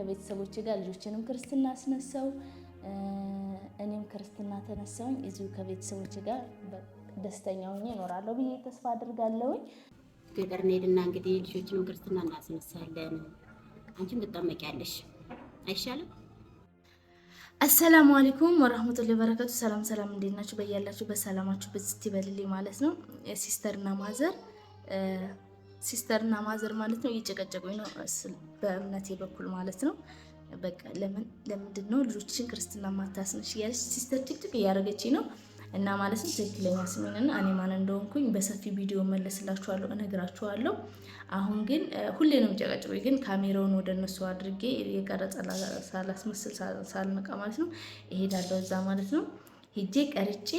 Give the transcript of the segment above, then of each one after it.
ከቤተሰቦች ጋር ልጆችንም ክርስትና አስነሳው፣ እኔም ክርስትና ተነሳውኝ። እዚሁ ከቤተሰቦች ጋር ደስተኛ ሆኜ እኖራለሁ ብዬ ተስፋ አድርጋለሁኝ። ገጠር እንሄድና እንግዲህ ልጆችንም ክርስትና እናስነሳለን። አንቺም ትጠመቂያለሽ አይሻልም? አሰላሙ አለይኩም ወራህመቱላሂ ወበረካቱ። ሰላም ሰላም፣ እንዴት ናችሁ? በያላችሁ በሰላማችሁ ብዝት ይበልልኝ ማለት ነው። ሲስተርና ማዘር ሲስተር እና ማዘር ማለት ነው እየጨቀጨቁኝ ነው በእምነቴ በኩል ማለት ነው። በቃ ለምን ለምንድን ነው ልጆችን ክርስትና ማታስነሽ እያለች ሲስተር ጭቅጭቅ እያደረገች ነው። እና ማለት ነው ትክክለኛ ስሜንና እኔ ማን እንደሆንኩኝ በሰፊ ቪዲዮ መለስላችኋለሁ፣ እነግራችኋለሁ። አሁን ግን ሁሌ ነው የሚጨቀጭቁኝ፣ ግን ካሜራውን ወደ እነሱ አድርጌ የቀረጸ ሳላስመስል ሳልነቃ ማለት ነው እሄዳለሁ እዛ ማለት ነው ሄጄ ቀርጬ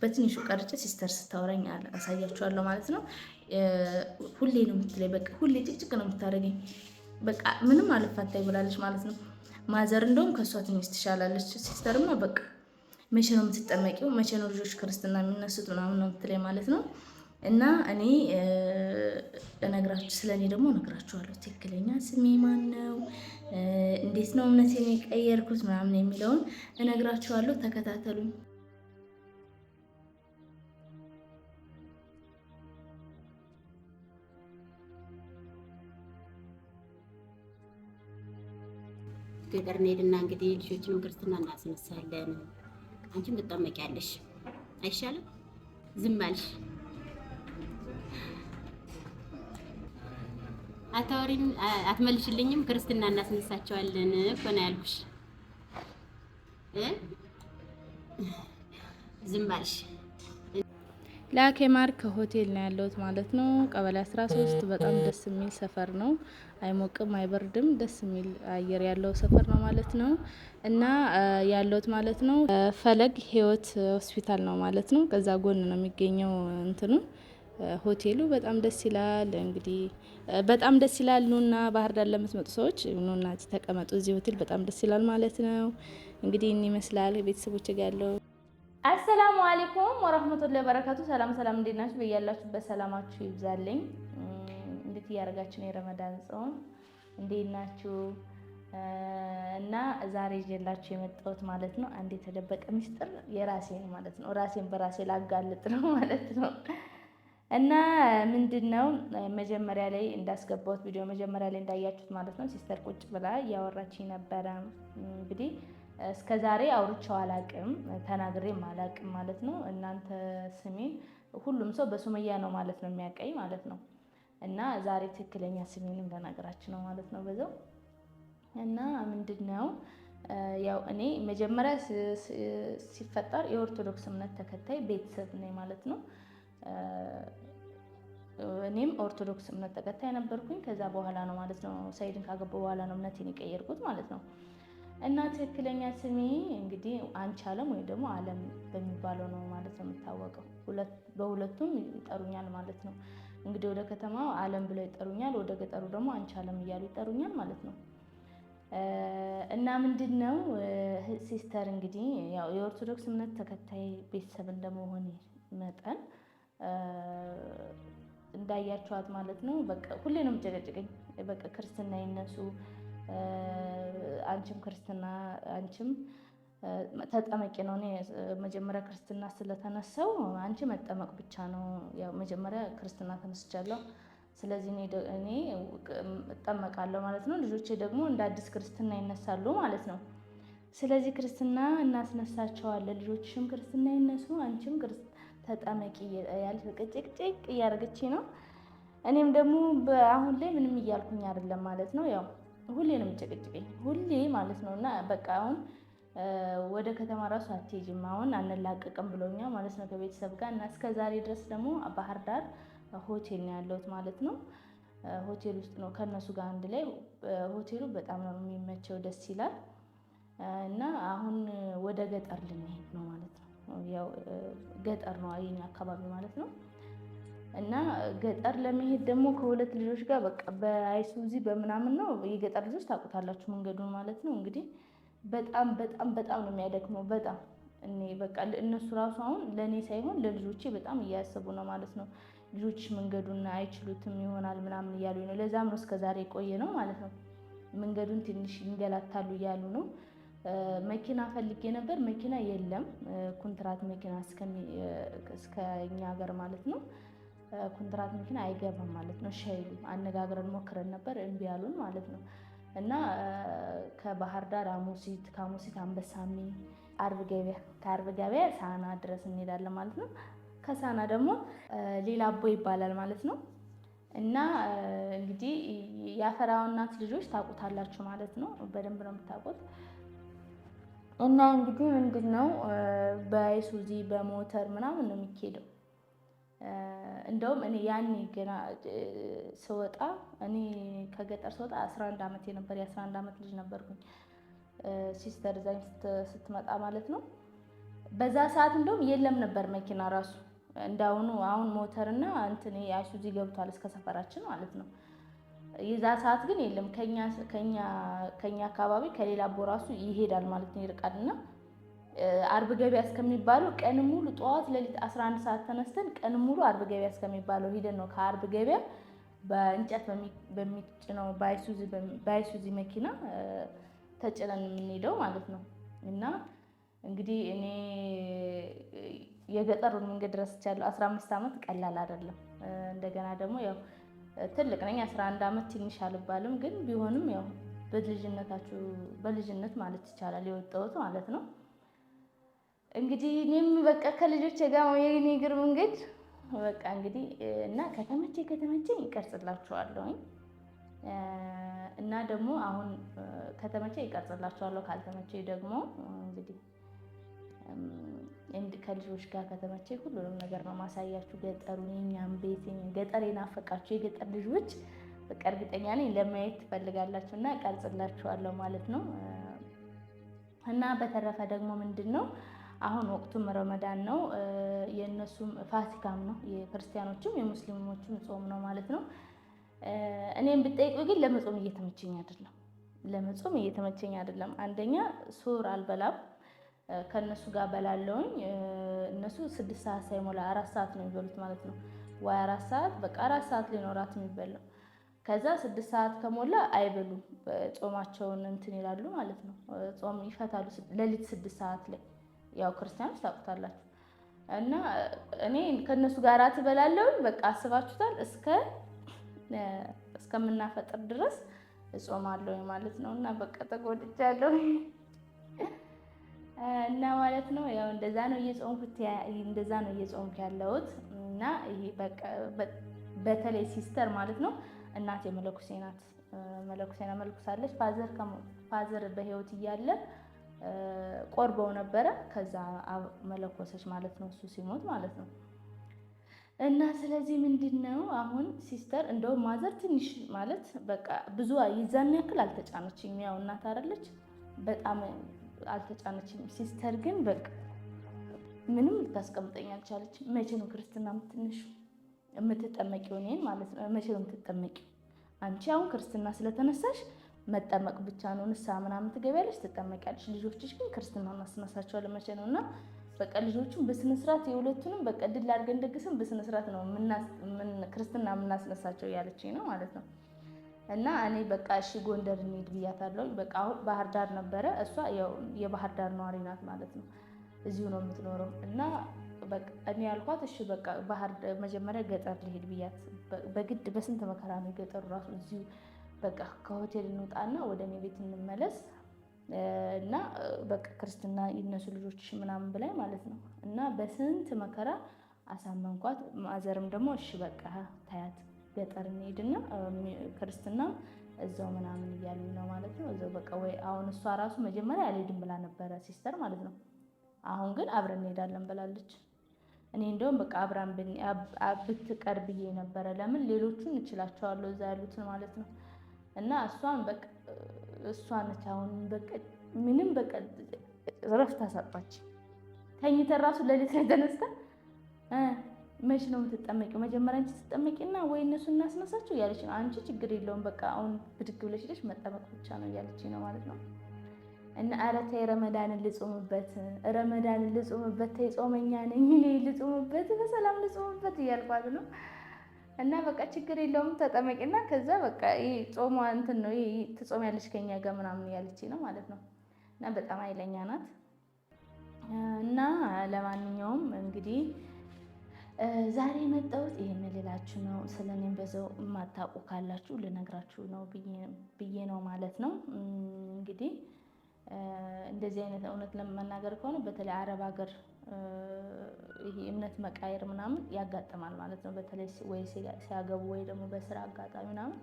በትንሹ ቀርጬ ሲስተር ስታወራኝ አሳያችኋለሁ ማለት ነው። ሁሌ ነው የምትለኝ፣ በቃ ሁሌ ጭቅጭቅ ነው የምታደርገኝ። በቃ ምንም አልፋታ ብላለች ማለት ነው። ማዘር እንደውም ከእሷ ትንሽ ትሻላለች። ሲስተርማ በቃ መቼ ነው የምትጠመቂው? መቼ ነው ልጆች ክርስትና የሚነሱት? ምናምን ነው የምትለኝ ማለት ነው። እና እኔ እነግራችሁ ስለ እኔ ደግሞ እነግራችኋለሁ። ትክክለኛ ስሜ ማን ነው? እንዴት ነው እምነቴን የቀየርኩት? ምናምን የሚለውን እነግራችኋለሁ። ተከታተሉኝ። ገጠር እንሄድና እንግዲህ ልጆችንም ክርስትና እናስነሳለን። አንቺም ትጠመቂያለሽ አይሻልም? ዝም አልሽ። አታወሪም፣ አትመልሽልኝም። ክርስትና እናስነሳቸዋለን እኮ ነው ያልኩሽ። ዝም አልሽ። ለአኬማር ከሆቴል ነው ያለሁት ማለት ነው። ቀበሌ 13 በጣም ደስ የሚል ሰፈር ነው። አይሞቅም፣ አይበርድም። ደስ የሚል አየር ያለው ሰፈር ነው ማለት ነው። እና ያለሁት ማለት ነው ፈለግ ህይወት ሆስፒታል ነው ማለት ነው። ከዛ ጎን ነው የሚገኘው እንትኑ ሆቴሉ በጣም ደስ ይላል። እንግዲህ በጣም ደስ ይላል። ኑና ባህር ዳር ለምትመጡ ሰዎች ኑና ተቀመጡ። እዚህ ሆቴል በጣም ደስ ይላል ማለት ነው። እንግዲህ ይመስላል ቤተሰቦች ጋር ያለው አሰላሙ አለይኩም ወረህመቱላሂ ወበረካቱ። ሰላም ሰላም፣ እንዴት ናችሁ? በያላችሁበት ሰላማችሁ ይብዛልኝ። እንዴት እያደረጋችሁ ነው የረመዳን ጾም? እንዴት ናችሁ? እና ዛሬ ይዤላችሁ የመጣሁት ማለት ነው አንድ የተደበቀ ሚስጥር የራሴ ነው ማለት ነው። ራሴን በራሴ ላጋልጥ ነው ማለት ነው። እና ምንድን ነው መጀመሪያ ላይ እንዳስገባሁት ቪዲዮ መጀመሪያ ላይ እንዳያችሁት ማለት ነው ሲስተር ቁጭ ብላ እያወራችኝ ነበረ እንግዲህ እስከ ዛሬ አውርቼው አላቅም ተናግሬም አላቅም ማለት ነው። እናንተ ስሜን ሁሉም ሰው በሱመያ ነው ማለት ነው የሚያቀኝ ማለት ነው። እና ዛሬ ትክክለኛ ስሜንም ለነገራችን ነው ማለት ነው በዛው እና ምንድን ነው ያው እኔ መጀመሪያ ሲፈጠር የኦርቶዶክስ እምነት ተከታይ ቤተሰብ ነኝ ማለት ነው። እኔም ኦርቶዶክስ እምነት ተከታይ ነበርኩኝ። ከዛ በኋላ ነው ማለት ነው ሰይድን ካገባ በኋላ ነው እምነቴን የቀየርኩት ማለት ነው። እና ትክክለኛ ስሜ እንግዲህ አንቻለም ወይም ደግሞ አለም በሚባለው ነው ማለት ነው የምታወቀው። በሁለቱም ይጠሩኛል ማለት ነው። እንግዲህ ወደ ከተማው አለም ብለው ይጠሩኛል፣ ወደ ገጠሩ ደግሞ አንቻለም እያሉ ይጠሩኛል ማለት ነው። እና ምንድን ነው ሲስተር እንግዲህ ያው የኦርቶዶክስ እምነት ተከታይ ቤተሰብ እንደመሆን መጠን እንዳያቸዋት ማለት ነው። በቃ ሁሌ ነው የምጨቀጭቀኝ። በቃ ክርስትና ይነሱ አንቺም ክርስትና አንቺም ተጠመቂ ነው። እኔ መጀመሪያ ክርስትና ስለተነሳው አንቺ መጠመቅ ብቻ ነው መጀመሪያ ክርስትና ተነስቻለሁ። ስለዚህ እኔ እጠመቃለሁ ማለት ነው። ልጆቼ ደግሞ እንደ አዲስ ክርስትና ይነሳሉ ማለት ነው። ስለዚህ ክርስትና እናስነሳቸዋለን። ልጆችሽም ክርስትና ይነሱ፣ አንቺም ተጠመቂ ያልሽ ጭቅጭቅ እያደረገች ነው። እኔም ደግሞ አሁን ላይ ምንም እያልኩኝ አይደለም ማለት ነው ያው ሁሌ ነው የሚጨቀጭቀኝ፣ ሁሌ ማለት ነው። እና በቃ አሁን ወደ ከተማ ራሱ አትሄጂም አሁን አንላቀቅም ብሎኛ ማለት ነው ከቤተሰብ ጋር እና እስከ ዛሬ ድረስ ደግሞ ባህር ዳር ሆቴል ነው ያለሁት ማለት ነው። ሆቴል ውስጥ ነው ከእነሱ ጋር አንድ ላይ ሆቴሉ በጣም ነው የሚመቸው፣ ደስ ይላል። እና አሁን ወደ ገጠር ልንሄድ ነው ማለት ነው። ያው ገጠር ነው የእኛ አካባቢ ማለት ነው። እና ገጠር ለመሄድ ደግሞ ከሁለት ልጆች ጋር በቃ በአይሱዚ በምናምን ነው። የገጠር ልጆች ታውቁታላችሁ መንገዱን ማለት ነው። እንግዲህ በጣም በጣም በጣም ነው የሚያደክመው። በጣም እኔ በቃ እነሱ ራሱ አሁን ለእኔ ሳይሆን ለልጆቼ በጣም እያያሰቡ ነው ማለት ነው። ልጆች መንገዱን አይችሉትም ይሆናል ምናምን እያሉ ነው። ለዛም ነው እስከዛሬ የቆየ ነው ማለት ነው። መንገዱን ትንሽ ይንገላታሉ እያሉ ነው። መኪና ፈልጌ ነበር፣ መኪና የለም። ኮንትራት መኪና እስከኛ ሀገር ማለት ነው ኮንትራት መኪና አይገባም ማለት ነው። ሸይሉ አነጋግረን ሞክረን ነበር እምቢ ያሉን ማለት ነው። እና ከባህር ዳር አሙሲት፣ ከአሙሲት አንበሳሚ፣ አርብ ገበያ፣ ከአርብ ገበያ ሳና ድረስ እንሄዳለን ማለት ነው። ከሳና ደግሞ ሌላ አቦ ይባላል ማለት ነው። እና እንግዲህ የአፈራ እናት ልጆች ታውቁታላችሁ ማለት ነው። በደንብ ነው የምታውቁት። እና እንግዲህ ምንድን ነው በአይሱዚ በሞተር ምናምን ነው የሚኬደው እንደውም እኔ ያኔ ገና ስወጣ እኔ ከገጠር ስወጣ 11 ዓመት ነበር የ11 ዓመት ልጅ ነበርኩኝ። ሲስተር እዛኝ ስትመጣ ማለት ነው። በዛ ሰዓት እንደውም የለም ነበር መኪና ራሱ እንዳሁኑ አሁን ሞተርና እንትን አይሱዚ ገብቷል እስከ ሰፈራችን ማለት ነው። የዛ ሰዓት ግን የለም ከኛ ከኛ አካባቢ ከሌላ ቦ ራሱ ይሄዳል ማለት ነው ይርቃልና አርብ ገበያ እስከሚባለው ቀን ሙሉ ጠዋት ለሊት 11 ሰዓት ተነስተን ቀን ሙሉ አርብ ገበያ እስከሚባለው ሂደን ነው ከአርብ ገበያ በእንጨት በሚጭነው ባይሱዚ መኪና ተጭነን የምንሄደው ማለት ነው። እና እንግዲህ እኔ የገጠሩን መንገድ ረስቻለሁ። 15 ዓመት ቀላል አይደለም። እንደገና ደግሞ ያው ትልቅ ነኝ 11 ዓመት ትንሽ አልባልም፣ ግን ቢሆንም ያው በልጅነታችሁ በልጅነት ማለት ይቻላል የወጣሁት ማለት ነው። እንግዲህ እኔም በቃ ከልጆች ጋር የኔ እግር መንገድ በቃ እንግዲህ እና ከተመቼ ከተመቼ ይቀርጽላችኋለሁኝ እና ደግሞ አሁን ከተመቼ ይቀርጽላችኋለሁ። ካልተመቼ ደግሞ እንግዲህ ከልጆች ጋር ከተመቼ ሁሉንም ነገር ነው ማሳያችሁ። ገጠሩን፣ የኛም ቤት፣ ገጠር የናፈቃችሁ የገጠር ልጆች በቃ እርግጠኛ ነኝ ለማየት ትፈልጋላችሁ እና ማለት ነው እና በተረፈ ደግሞ ምንድን ነው አሁን ወቅቱም ረመዳን ነው፣ የእነሱም ፋሲካም ነው፣ የክርስቲያኖችም የሙስሊሞችም ጾም ነው ማለት ነው። እኔም ብጠይቁ ግን ለመጾም እየተመቸኝ አይደለም፣ ለመጾም እየተመቸኝ አይደለም። አንደኛ ሱር አልበላም ከእነሱ ጋር በላለውኝ። እነሱ ስድስት ሰዓት ሳይሞላ አራት ሰዓት ነው የሚበሉት ማለት ነው። ወይ አራት ሰዓት በቃ አራት ሰዓት ሊኖራት የሚበላው ከዛ ስድስት ሰዓት ከሞላ አይበሉም። ጾማቸውን እንትን ይላሉ ማለት ነው። ጾም ይፈታሉ ሌሊት ስድስት ሰዓት ላይ ያው ክርስቲያኖች ታውቁታላችሁ። እና እኔ ከእነሱ ጋር ትበላለውን በቃ አስባችሁታል። እስከ እስከምናፈጥር ድረስ እጾማለሁ ማለት ነው። እና በቃ ተጎድቻለሁ እና ማለት ነው ያው እንደዛ ነው እየጾምኩት እንደዛ ነው እየጾምኩ ያለሁት እና ይሄ በቃ በተለይ ሲስተር ማለት ነው እናቴ መለኩሴ ናት። መለኩሴ መለኩሳለች ፋዘር ፋዘር በህይወት እያለ ቆርበው ነበረ። ከዛ መለኮሰች ማለት ነው፣ እሱ ሲሞት ማለት ነው። እና ስለዚህ ምንድን ነው አሁን ሲስተር እንደው ማዘር ትንሽ ማለት በቃ ብዙ ይዛን ያክል አልተጫነችም። ያው እናት አይደለች በጣም አልተጫነችም። ሲስተር ግን በቃ ምንም ልታስቀምጠኝ አልቻለች። መቼ ነው ክርስትና ምትንሽ የምትጠመቂው? እኔን ማለት ነው መቼ ነው የምትጠመቂው? አንቺ አሁን ክርስትና ስለተነሳሽ መጠመቅ ብቻ ነው። ንስሐ ምናምን ትገቢያለሽ፣ ትጠመቂያለሽ። ልጆችሽ ግን ክርስትና እናስነሳቸዋለን መቼ ነው እና በቃ ልጆቹን በስነስርዓት የሁለቱንም በቃ ድል አድርገን ደግሰን በስነስርዓት ነው ክርስትና የምናስነሳቸው እያለችኝ ነው ማለት ነው። እና እኔ በቃ እሺ ጎንደር እንሂድ ብያታለሁ። በቃ አሁን ባህር ዳር ነበረ እሷ የባህር ዳር ነዋሪ ናት ማለት ነው። እዚሁ ነው የምትኖረው እና እኔ ያልኳት እሺ በቃ ባህር መጀመሪያ ገጠር ልሄድ ብያት በግድ በስንት መከራ ነው የገጠሩ ራሱ እዚሁ በቃ ከሆቴል እንውጣና ወደ እኔ ቤት እንመለስ እና በቃ ክርስትና ይነሱ ልጆች ምናምን ብላይ ማለት ነው። እና በስንት መከራ አሳመንኳት። ማዘርም ደግሞ እሺ በቃ ታያት ገጠር እንሄድና ክርስትና እዛው ምናምን እያሉ ነው ማለት ነው። እዛው በቃ ወይ አሁን እሷ ራሱ መጀመሪያ አልሄድም ብላ ነበረ ሲስተር ማለት ነው። አሁን ግን አብረን እንሄዳለን ብላለች። እኔ እንደውም በቃ አብራን ብትቀር ብዬ ነበረ። ለምን ሌሎቹን እችላቸዋለሁ እዛ ያሉትን ማለት ነው እና እሷን እሷን አሁን በቃ ምንም በቃ ረፍት አሳጣች። ተኝተን ራሱ ለሌት ላይ ተነስተን መች ነው የምትጠመቂው? መጀመሪያ አንቺ ትጠመቂና ወይ እነሱ እናስነሳቸው እያለች ነው። አንቺ ችግር የለውም በቃ አሁን ብድግ ብለሽ ሄደሽ መጠመቅ ብቻ ነው እያለች ነው ማለት ነው። እና ኧረ ተይ ረመዳንን ልጾምበት፣ ረመዳንን ልጾምበት፣ ተይ ጾመኛ ነኝ እኔ ልጾምበት፣ በሰላም ልጾምበት እያልኳት ነው እና በቃ ችግር የለውም ተጠመቂና ከዛ በቃ ጾሟ እንትን ነው ትጾም ያለች ከኛ ጋር ምናምን ያለች ነው ማለት ነው። እና በጣም ኃይለኛ ናት። እና ለማንኛውም እንግዲህ ዛሬ የመጣሁት ይህን ልላችሁ ነው። ስለ እኔም በዛው የማታውቁ ካላችሁ ልነግራችሁ ነው ብዬ ነው ማለት ነው። እንግዲህ እንደዚህ አይነት እውነት ለመናገር ከሆነ በተለይ አረብ ሀገር ይሄ እምነት መቃየር ምናምን ያጋጥማል ማለት ነው። በተለይ ወይ ሲያገቡ ወይ ደግሞ በስራ አጋጣሚ ምናምን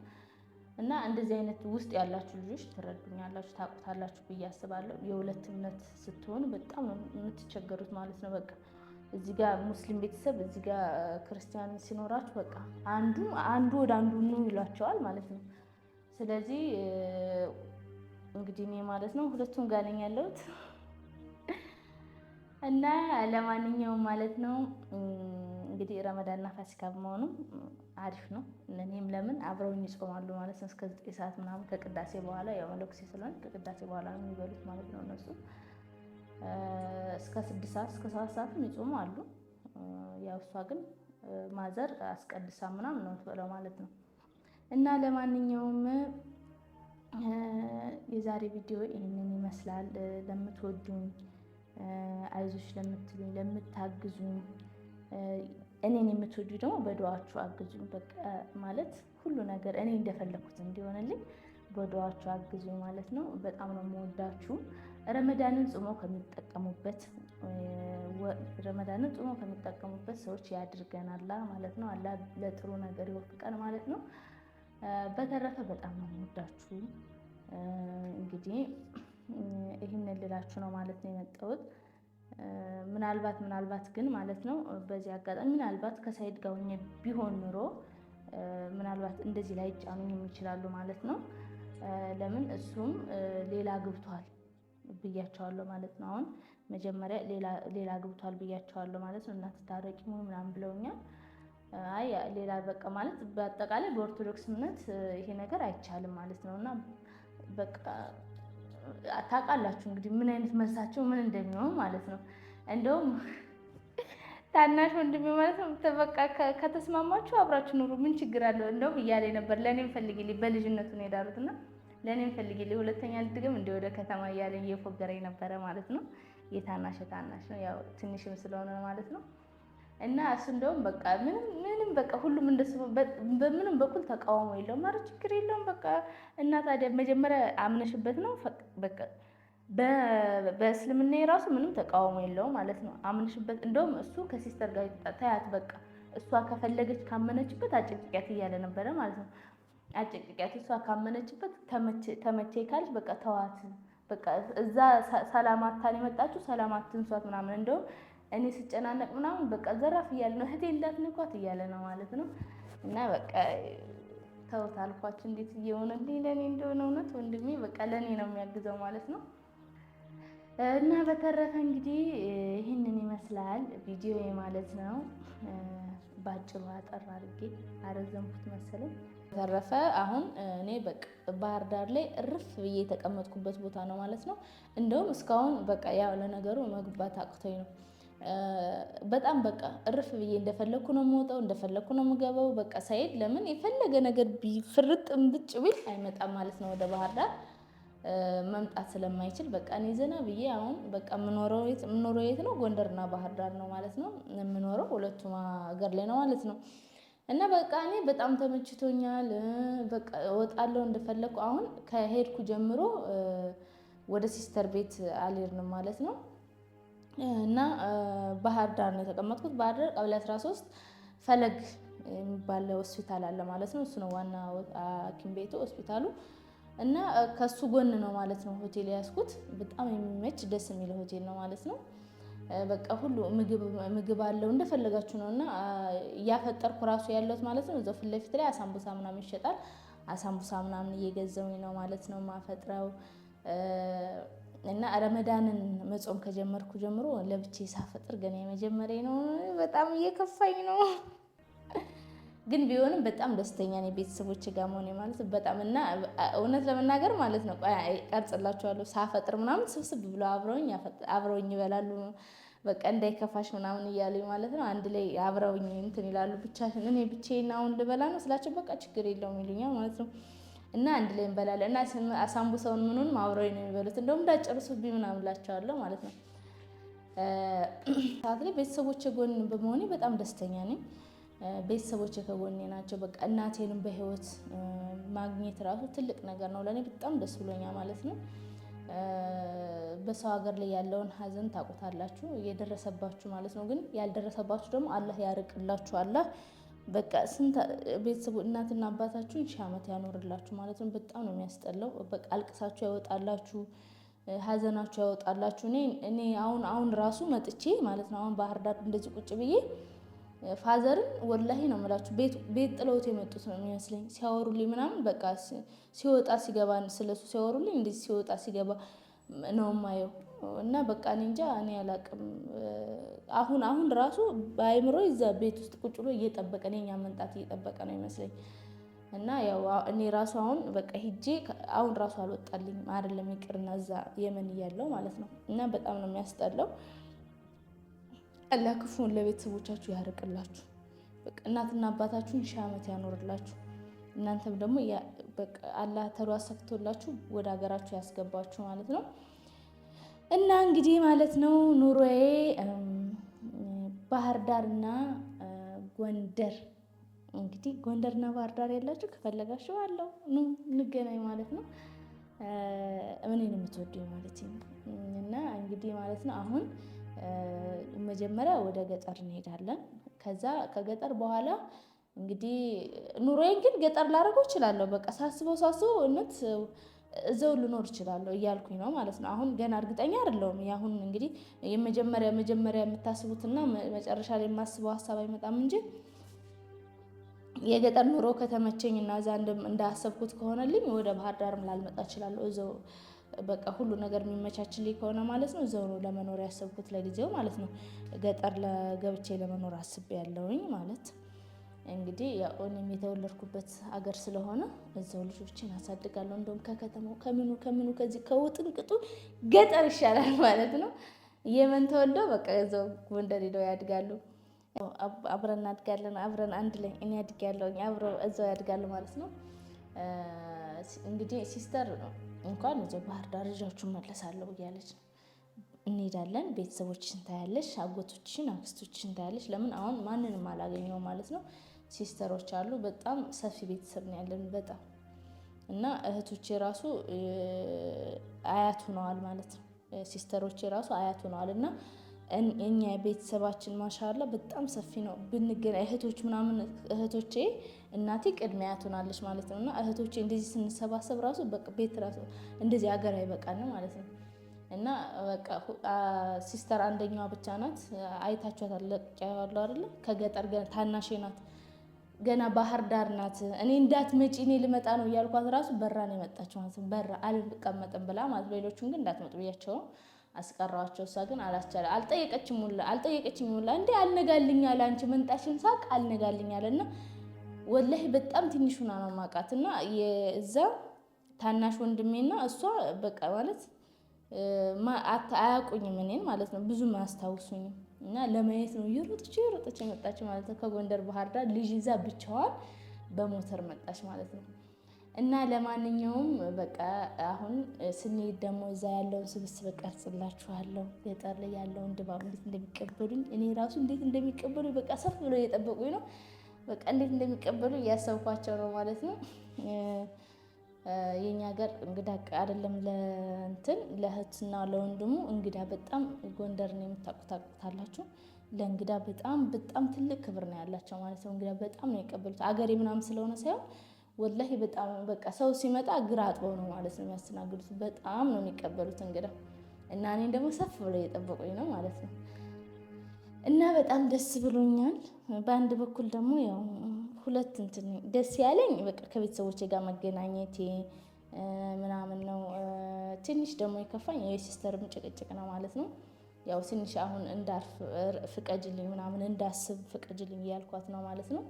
እና እንደዚህ አይነት ውስጥ ያላችሁ ልጆች ትረዱኛላችሁ፣ ታውቁታላችሁ ብዬ አስባለሁ። የሁለት እምነት ስትሆኑ በጣም ነው የምትቸገሩት ማለት ነው። በቃ እዚህ ጋር ሙስሊም ቤተሰብ እዚህ ጋር ክርስቲያን ሲኖራችሁ በቃ አንዱ አንዱ ወደ አንዱ ኑ ይሏቸዋል ማለት ነው። ስለዚህ እንግዲህ እኔ ማለት ነው ሁለቱም ጋር ነኝ ያለሁት። እና ለማንኛውም ማለት ነው እንግዲህ ረመዳንና ፋሲካ በመሆኑ አሪፍ ነው። እኔም ለምን አብረውኝ ይጾማሉ ማለት ነው እስከ ዘጠኝ ሰዓት ምናምን ከቅዳሴ በኋላ ያው መለኩሴ ስለሆነ ከቅዳሴ በኋላ ነው የሚበሉት ማለት ነው እነሱ እስከ ስድስት ሰዓት እስከ ሰባት ሰዓትም ይጾሙ አሉ። ያው እሷ ግን ማዘር አስቀድሳ ምናምን ነው የምትበላው ማለት ነው። እና ለማንኛውም የዛሬ ቪዲዮ ይህንን ይመስላል ለምትወዱኝ አይዞች ለምትሉኝ፣ ለምታግዙኝ እኔን የምትወዱ ደግሞ በዱዋችሁ አግዙኝ። በቃ ማለት ሁሉ ነገር እኔ እንደፈለኩት እንዲሆንልኝ በዱዋችሁ አግዙኝ ማለት ነው። በጣም ነው የምወዳችሁ። ረመዳንን ጽሞ ከሚጠቀሙበት ረመዳንን ጽሞ ከሚጠቀሙበት ሰዎች ያድርገን ማለት ነው። አላ ለጥሩ ነገር ይወፍቀን ማለት ነው። በተረፈ በጣም ነው የምወዳችሁ እንግዲህ ይህንን ልላችሁ ነው ማለት ነው የመጣሁት። ምናልባት ምናልባት ግን ማለት ነው በዚህ አጋጣሚ ምናልባት ከሳይድ ጋር ሆኜ ቢሆን ኑሮ ምናልባት እንደዚህ ላይ ጫኑኝም ይችላሉ ማለት ነው። ለምን እሱም ሌላ ግብቷል ብያቸዋለሁ ማለት ነው። አሁን መጀመሪያ ሌላ ግብቷል ብያቸዋለሁ ማለት ነው። እናት ታረቂ ሆኑ ምናምን ብለውኛል። አይ ሌላ በቃ ማለት በአጠቃላይ በኦርቶዶክስ እምነት ይሄ ነገር አይቻልም ማለት ነው እና በቃ ታውቃላችሁ እንግዲህ ምን አይነት መልሳቸው ምን እንደሚሆን ማለት ነው። እንደውም ታናሽ ወንድሜ ማለት ነው በቃ ከተስማማችሁ አብራችሁ ኑሩ ምን ችግር አለው እንደውም እያለ ነበር። ለእኔም ፈልጌልኝ በልጅነቱ ነው የዳሩት እና ለእኔም ፈልጌልኝ ሁለተኛ ልድግም እንደ ወደ ከተማ እያለ እየፎገረ ነበረ ማለት ነው። የታናሽ የታናሽ ነው ያው ትንሽም ስለሆነ ማለት ነው። እና እሱ እንደውም በቃ ምንም ምንም በቃ ሁሉም እንደሱ በምንም በኩል ተቃውሞ የለውም። ኧረ ችግር የለውም በቃ እና ታዲያ መጀመሪያ አምነሽበት ነው በቃ በእስልምና የራሱ ምንም ተቃውሞ የለውም ማለት ነው። አምነሽበት እንደውም እሱ ከሲስተር ጋር ተያት በቃ እሷ ከፈለገች ካመነችበት አጭቅጭቂያት እያለ ነበረ ማለት ነው። አጭቅጭቂያት እሷ ካመነችበት ተመቼ ካለች በቃ ተዋት በቃ እዛ ሰላማታን የመጣችው ሰላማትን ሷት ምናምን እንደውም እኔ ስጨናነቅ ምናምን በቃ ዘራፍ እያለ ነው እህቴ እንዳትንኳት እያለ ነው ማለት ነው። እና በቃ ተውት አልኳቸው። እንዴት እየሆነ እንዲህ ለእኔ እንደሆነ እውነት ወንድሜ በቃ ለእኔ ነው የሚያግዘው ማለት ነው። እና በተረፈ እንግዲህ ይህንን ይመስላል ቪዲዮ ማለት ነው። በአጭሩ አጠር አድርጌ አረዘምኩት መሰለኝ። በተረፈ አሁን እኔ በቃ ባህር ዳር ላይ እርፍ ብዬ የተቀመጥኩበት ቦታ ነው ማለት ነው። እንደውም እስካሁን በቃ ያው ለነገሩ መግባት አቅቶኝ ነው በጣም በቃ እርፍ ብዬ እንደፈለግኩ ነው የምወጣው፣ እንደፈለግኩ ነው የምገባው። በቃ ሳይድ ለምን የፈለገ ነገር ፍርጥ ብጭ ብል አይመጣም ማለት ነው ወደ ባህር ዳር መምጣት ስለማይችል በቃ እኔ ዘና ብዬ አሁን በቃ የምኖረው የት ነው? ጎንደርና ባህር ዳር ነው ማለት ነው የምኖረው፣ ሁለቱም ሀገር ላይ ነው ማለት ነው። እና በቃ እኔ በጣም ተመችቶኛል። በቃ እወጣለሁ እንደፈለግኩ። አሁን ከሄድኩ ጀምሮ ወደ ሲስተር ቤት አልሄድንም ማለት ነው እና ባህር ዳር ነው የተቀመጥኩት። ባህር ዳር ቀበሌ 13 ፈለግ የሚባል ሆስፒታል አለ ማለት ነው። እሱ ነው ዋና ሐኪም ቤቱ ሆስፒታሉ እና ከሱ ጎን ነው ማለት ነው ሆቴል ያስኩት በጣም የሚመች ደስ የሚል ሆቴል ነው ማለት ነው። በቃ ሁሉ ምግብ አለው እንደፈለጋችሁ ነው እና እያፈጠርኩ ራሱ ያለሁት ማለት ነው። እዛው ፊት ለፊት ላይ አሳምቡሳ ምናምን ይሸጣል። አሳንቡሳ ምናምን እየገዛሁኝ ነው ማለት ነው ማፈጥረው እና ረመዳንን መጾም ከጀመርኩ ጀምሮ ለብቼ ሳፈጥር ገና የመጀመሪያ ነው። በጣም እየከፋኝ ነው፣ ግን ቢሆንም በጣም ደስተኛ ነኝ ቤተሰቦች ጋር መሆኔ ማለት በጣም እና እውነት ለመናገር ማለት ነው። ቀርጽላችኋለሁ ሳፈጥር ምናምን ስብስብ ብሎ አብረውኝ አብረውኝ ይበላሉ። በቃ እንዳይከፋሽ ምናምን እያሉኝ ማለት ነው። አንድ ላይ አብረውኝ እንትን ይላሉ። ብቻ እኔ ብቻዬን አሁን ልበላ ነው ስላቸው በቃ ችግር የለውም ይሉኛል ማለት ነው። እና አንድ ላይ እንበላለን እና አሳምቡሳውን ምኑን ማብረው ነው የሚበሉት። እንደውም እንዳጨርሱብኝ ምናምን እላቸዋለሁ ማለት ነው። ሰዓት ላይ ቤተሰቦቼ ጎን በመሆኔ በጣም ደስተኛ ነኝ። ቤተሰቦቼ ከጎኔ ናቸው። በቃ እናቴንም በህይወት ማግኘት ራሱ ትልቅ ነገር ነው ለእኔ በጣም ደስ ብሎኛ ማለት ነው። በሰው ሀገር ላይ ያለውን ሀዘን ታውቁታላችሁ፣ የደረሰባችሁ ማለት ነው። ግን ያልደረሰባችሁ ደግሞ አላህ ያርቅላችሁ አላህ በቃ ስንት ቤተሰቡ እናትና አባታችሁን ሺህ ዓመት ያኖርላችሁ ማለት ነው። በጣም ነው የሚያስጠላው። በቃ አልቅሳችሁ ያወጣላችሁ፣ ሀዘናችሁ ያወጣላችሁ። እኔ እኔ አሁን አሁን ራሱ መጥቼ ማለት ነው አሁን ባህር ዳር እንደዚህ ቁጭ ብዬ ፋዘርን ወላሂ ነው የምላችሁ ቤት ጥለውት የመጡት ነው የሚመስለኝ ሲያወሩልኝ ምናምን በቃ ሲወጣ ሲገባ ስለሱ ሲያወሩልኝ እንደዚህ ሲወጣ ሲገባ ነው ማየው እና በቃ እኔ እንጃ እኔ አላቅም። አሁን አሁን ራሱ በአይምሮ እዛ ቤት ውስጥ ቁጭ ብሎ እየጠበቀ ነው የኛ መምጣት እየጠበቀ ነው ይመስለኝ። እና ያው እኔ ራሱ አሁን በቃ ሂጄ አሁን ራሱ አልወጣልኝም አይደለም ይቅርና እዛ የመን እያለው ማለት ነው። እና በጣም ነው የሚያስጠላው። አላህ ክፉን ለቤተሰቦቻችሁ ያርቅላችሁ። እናትና አባታችሁን ሺህ ዓመት ያኖርላችሁ። እናንተም ደግሞ አላህ ተሎ አሰፍቶላችሁ ወደ ሀገራችሁ ያስገባችሁ ማለት ነው። እና እንግዲህ ማለት ነው ኑሮዬ ባህር ዳርና ጎንደር እንግዲህ ጎንደርና ባህር ዳር ያላችሁ ከፈለጋችሁ አለው ኑ እንገናኝ ማለት ነው። እኔን የምትወደው ማለት ነው። እና እንግዲህ ማለት ነው አሁን መጀመሪያ ወደ ገጠር እንሄዳለን። ከዛ ከገጠር በኋላ እንግዲህ ኑሮዬን ግን ገጠር ላደርገው እችላለሁ። በቃ ሳስበው ሳስበው እውነት እዘው ልኖር እችላለሁ እያልኩኝ ነው ማለት ነው። አሁን ገና እርግጠኛ አይደለሁም። አሁን እንግዲህ የመጀመሪያ መጀመሪያ የምታስቡትና መጨረሻ ላይ የማስበው ሀሳብ አይመጣም እንጂ የገጠር ኑሮ ከተመቸኝ እና እዛ እንዳሰብኩት ከሆነልኝ ወደ ባህር ዳርም ላልመጣ እችላለሁ። እዘው በቃ ሁሉ ነገር የሚመቻችልኝ ከሆነ ማለት ነው። እዘው ነው ለመኖር ያሰብኩት ለጊዜው ማለት ነው። ገጠር ለገብቼ ለመኖር ያለውኝ ማለት እንግዲህ ያው እኔም የተወለድኩበት አገር ስለሆነ እዛው ልጆችን አሳድጋለሁ። እንደውም ከከተማው ከምኑ ከምኑ ከዚህ ከውጥንቅጡ ገጠር ይሻላል ማለት ነው። የመን ተወልደው በቃ እዛው ጎንደር ሄደው ያድጋሉ። አብረን እናድጋለን፣ አብረን አንድ ላይ እኔ አድጌያለሁ፣ አብረው እዛው ያድጋሉ ማለት ነው። እንግዲህ ሲስተር እንኳን እዛ ባህር ዳር ልጃችሁን መለሳለሁ እያለች ነው እንሄዳለን ቤተሰቦችን ታያለሽ፣ አጎቶችን፣ አክስቶችን ታያለሽ። ለምን አሁን ማንንም አላገኘው ማለት ነው። ሲስተሮች አሉ። በጣም ሰፊ ቤተሰብ ነው ያለን በጣም እና እህቶች የራሱ አያት ሆነዋል ማለት ነው። ሲስተሮች የራሱ አያት ሆነዋል እና እኛ ቤተሰባችን ማሻላ በጣም ሰፊ ነው። ብንገናኝ እህቶች ምናምን እህቶቼ እናቴ ቅድሚያ ሆናለች ማለት ነው እና እህቶቼ እንደዚህ ስንሰባሰብ ራሱ ቤት ራሱ እንደዚህ ሀገር አይበቃንም ማለት ነው እና በቃ ሲስተር አንደኛዋ ብቻ ናት። አይታችኋት አለቅ አይደለ? ከገጠር ታናሽ ናት። ገና ባህር ዳር ናት። እኔ እንዳትመጪ እኔ ልመጣ ነው እያልኳት ራሱ በራ ነው የመጣችው ማለት ነው። በራ አልቀመጥም ብላ ማለት ሌሎቹን ግን እንዳትመጡ ብያቸው አስቀራዋቸው። እሷ ግን አላስቻለ አልጠየቀችም ሁላ አልጠየቀችም ሁላ እንዴ አልነጋልኛል አንቺ መንጣሽን ሳቅ አልነጋልኛል እና ወላሂ በጣም ትንሽ ሆና ነው ማውቃት እና የዛ ታናሽ ወንድሜና እሷ በቃ ማለት አያውቁኝም እኔን ማለት ነው ብዙም አያስታውሱኝም። እና ለማየት ነው እየሮጠች እየሮጠች የመጣች ማለት ነው። ከጎንደር ባህር ዳር ልጅ ይዛ ብቻዋን በሞተር መጣች ማለት ነው። እና ለማንኛውም በቃ አሁን ስንሄድ ደግሞ እዛ ያለውን ስብስብ ቀርጽላችኋለሁ። ገጠር ላይ ያለውን ድባብ እንዴት እንደሚቀበሉኝ እኔ ራሱ እንዴት እንደሚቀበሉኝ በቃ ሰፍ ብሎ እየጠበቁኝ ነው። በቃ እንዴት እንደሚቀበሉ እያሰብኳቸው ነው ማለት ነው። የኛ ሀገር እንግዳ አይደለም ለእንትን ለእህትና ለወንድሙ እንግዳ በጣም ጎንደር ነው የምታቁታቁታላችሁ። ለእንግዳ በጣም በጣም ትልቅ ክብር ነው ያላቸው ማለት ነው። እንግዳ በጣም ነው የቀበሉት። አገሬ ምናምን ስለሆነ ሳይሆን ወላሂ በጣም በቃ ሰው ሲመጣ ግራ አጥበው ነው ማለት ነው የሚያስተናግዱት። በጣም ነው የሚቀበሉት እንግዳ እና እኔን ደግሞ ሰፍ ብለው የጠበቁኝ ነው ማለት ነው እና በጣም ደስ ብሎኛል። በአንድ በኩል ደግሞ ያው ሁለት እንትን ደስ ያለኝ በቃ ከቤተሰቦቼ ጋር መገናኘቴ ምናምን ነው። ትንሽ ደግሞ የከፋኝ የሲስተርም ጭቅጭቅ ነው ማለት ነው። ያው ትንሽ አሁን እንዳርፍ ፍቀጅልኝ ምናምን እንዳስብ ፍቀጅልኝ እያልኳት ነው ማለት ነው።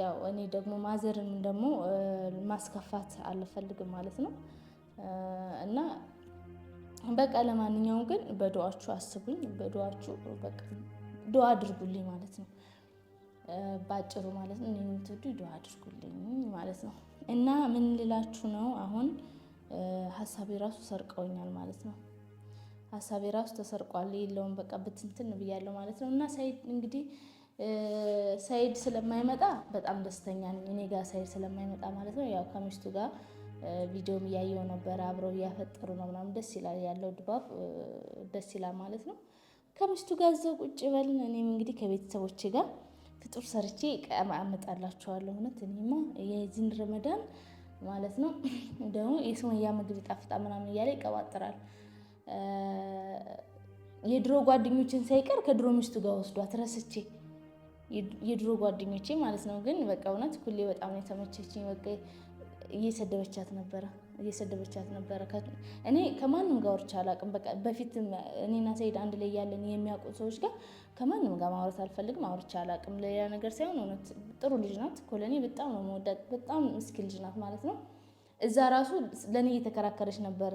ያው እኔ ደግሞ ማዘርን ደግሞ ማስከፋት አልፈልግም ማለት ነው እና በቃ ለማንኛውም ግን በዱዓችሁ አስቡኝ፣ በዱዓችሁ በቃ ድዋ አድርጉልኝ ማለት ነው። ባጭሩ ማለት ነው። እኔን የምትወዱ አድርጉልኝ ማለት ነው። እና ምን ልላችሁ ነው አሁን ሀሳቤ ራሱ ሰርቀውኛል ማለት ነው። ሀሳቤ ራሱ ተሰርቋል። የለውም በቃ ብትንትን ብያለሁ ማለት ነው። እና ሳይድ እንግዲህ ሳይድ ስለማይመጣ በጣም ደስተኛ ነኝ፣ እኔ ጋር ሳይድ ስለማይመጣ ማለት ነው። ያው ከሚስቱ ጋር ቪዲዮም እያየው ነበረ፣ አብረው እያፈጠሩ ነው ምናምን። ደስ ይላል፣ ያለው ድባብ ደስ ይላል ማለት ነው። ከሚስቱ ጋር እዛው ቁጭ በልን፣ እኔም እንግዲህ ከቤተሰቦቼ ጋር ፍጡር ሰርቼ አመጣላችኋለሁ። እውነት እኔማ የዚህን ረመዳን ማለት ነው ደግሞ የሱመያ ምግብ ይጣፍጣ ምናምን እያለ ይቀባጥራል። የድሮ ጓደኞችን ሳይቀር ከድሮ ሚስቱ ጋር ወስዷት ረስቼ የድሮ ጓደኞቼ ማለት ነው። ግን በቃ እውነት ሁሌ በጣም ነው የተመቸችኝ። በቃ እየሰደበቻት ነበረ እየሰደበቻት ነበረ። እኔ ከማንም ጋር ወርቻ አላውቅም። በፊት እኔና ሰይድ አንድ ላይ ያለን የሚያውቁ ሰዎች ጋር ከማንም ጋር ማውራት አልፈልግም፣ አውርቻ አላውቅም። ለሌላ ነገር ሳይሆን እውነት ጥሩ ልጅ ናት እኮ ለእኔ በጣም ነው መወዳት። በጣም ምስኪ ልጅ ናት ማለት ነው። እዛ ራሱ ለእኔ እየተከራከረች ነበረ።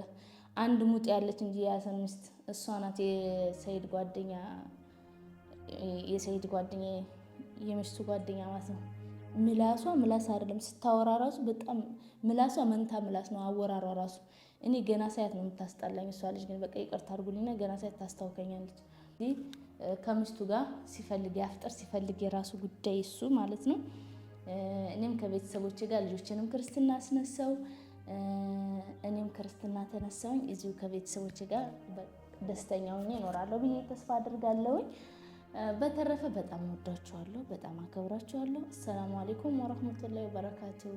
አንድ ሙጥ ያለች እንጂ የያሰን ሚስት እሷ ናት የሰይድ ጓደኛ የሰይድ ጓደኛ የሚስቱ ጓደኛ ማለት ነው ምላሷ ምላስ አይደለም ስታወራ ራሱ በጣም ምላሷ መንታ ምላስ ነው። አወራሯ ራሱ እኔ ገና ሳያት ነው የምታስጠላኝ። እሷ ልጅ ግን በቃ ይቅርታ አድርጉልኝና ገና ሳያት ታስታውከኛለች። ከሚስቱ ጋር ሲፈልግ ያፍጥር ሲፈልግ የራሱ ጉዳይ እሱ ማለት ነው። እኔም ከቤተሰቦች ጋር ልጆችንም ክርስትና አስነሳው፣ እኔም ክርስትና ተነሳውኝ። እዚሁ ከቤተሰቦች ጋር ደስተኛ ሆኜ እኖራለሁ ብዬ ተስፋ አድርጋለሁኝ። በተረፈ በጣም ወዳችኋለሁ፣ በጣም አከብራችኋለሁ። አሰላሙ አሌይኩም ወረህመቱላሂ ወበረካቱሁ።